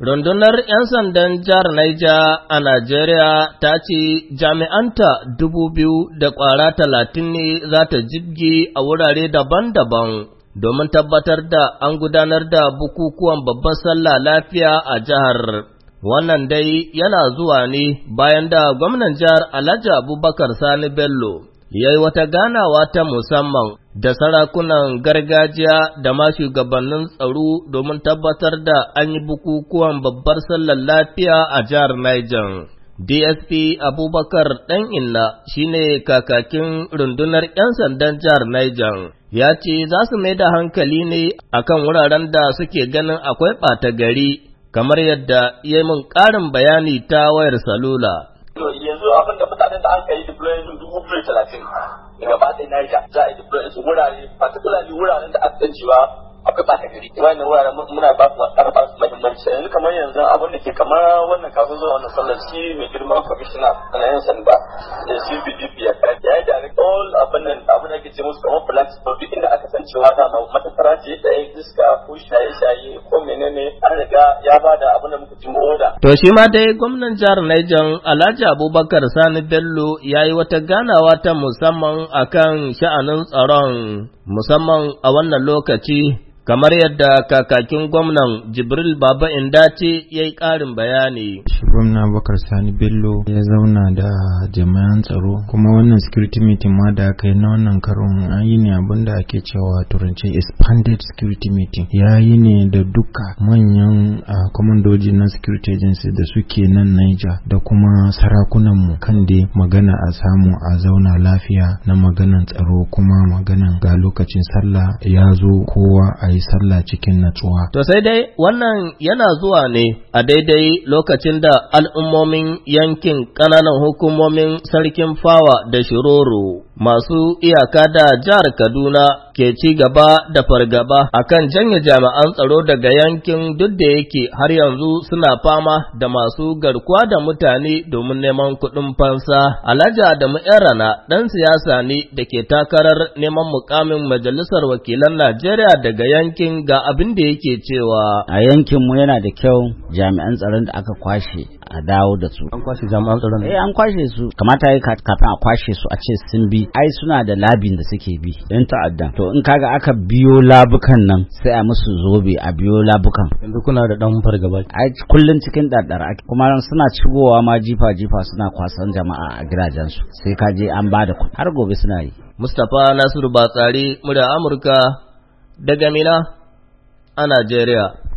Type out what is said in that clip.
Rundunar ‘yan sandan jihar Naija a Najeriya ta ce jami'anta dubu biyu da ƙwara talatin ne za ta jibgi a wurare daban-daban domin tabbatar da an gudanar da bukukuwan babbar sallah lafiya a jihar. Wannan dai yana zuwa ne bayan da gwamnan jihar Alhaji Abubakar Sani Bello ya yi wata ganawa ta musamman da sarakunan gargajiya da ma shugabannin tsaro domin tabbatar da an yi bukukuwan babbar sallar lafiya a jihar Niger. DSP Abubakar ɗan inna shine kakakin rundunar 'yan sandan jihar Niger. Ya ce za su mai da hankali ne a kan wuraren da suke ganin akwai ɓata gari, kamar yadda ya yi min ƙarin bayani ta wayar salula. Yanzu abin da mutane da an kai dubu gaba ɗaya Niger za a yi deploying su wurare particularly wuraren da aka san cewa akwai ɓata gari wannan wuraren muna ba su ƙarfa su mahimmanci yanzu kamar yanzu abin da ke kamar wannan kasuwar zuwa wannan sallar shi mai girman commissioner na yan sanda da shi bdp ya kai ya yi da all abin nan abin da ke ce musu kamar plans to duk inda aka san cewa ta iska ko shaye-shaye ko menene an riga ya ba da abin da muka ci oda. To shi ma dai gwamnan jihar Niger Alhaji Abubakar Sani Bello ya yi wata ganawa ta musamman akan sha'anin tsaron musamman a wannan lokaci kamar yadda kakakin gwamnan jibril baba indace ya yi ƙarin bayani gwamna bakar sani bello ya zauna da jami'an tsaro kuma wannan security meeting ma da aka yi na wannan karon an yi ne abin da ake cewa turance expanded security meeting ya yi ne da duka manyan kwamandoji na security agency da suke nan niger da kuma sarakunanmu kan da magana a samu a zauna lafiya na maganan tsaro kuma maganan ga lokacin sallah ya zo kowa a a yi sallah cikin natsuwa. To sai dai wannan yana zuwa ne a daidai lokacin da al'ummomin yankin ƙananan hukumomin sarkin fawa da shiroro masu iyaka da jihar Kaduna ke ci gaba da fargaba akan janye jami'an tsaro daga yankin duk da yake har yanzu suna fama da masu garkuwa da mutane domin neman kuɗin fansa. Alhaji Adamu Yarana ɗan siyasa ne da ke takarar neman mukamin majalisar wakilan Najeriya daga yankin ga abin da yake cewa. A yankin mu yana da kyau jami'an tsaron da aka kwashe a dawo da su. An kwashe jami'an tsaron? Eh an kwashe su. Kamata ya kafin a kwashe su a ce sun bi ai suna da labin da suke bi yan ta'adda to in kaga aka biyo labukan nan sai a musu zobe a biyo labukan yanzu kuna da dan fargaba ai kullun cikin daddara kuma suna cigowa ma jifa jifa suna kwasan jama'a a gidajensu sai kaje an bada kuɗi har gobe suna yi Mustapha Nasiru Batsari murya Amurka daga Mina a Najeriya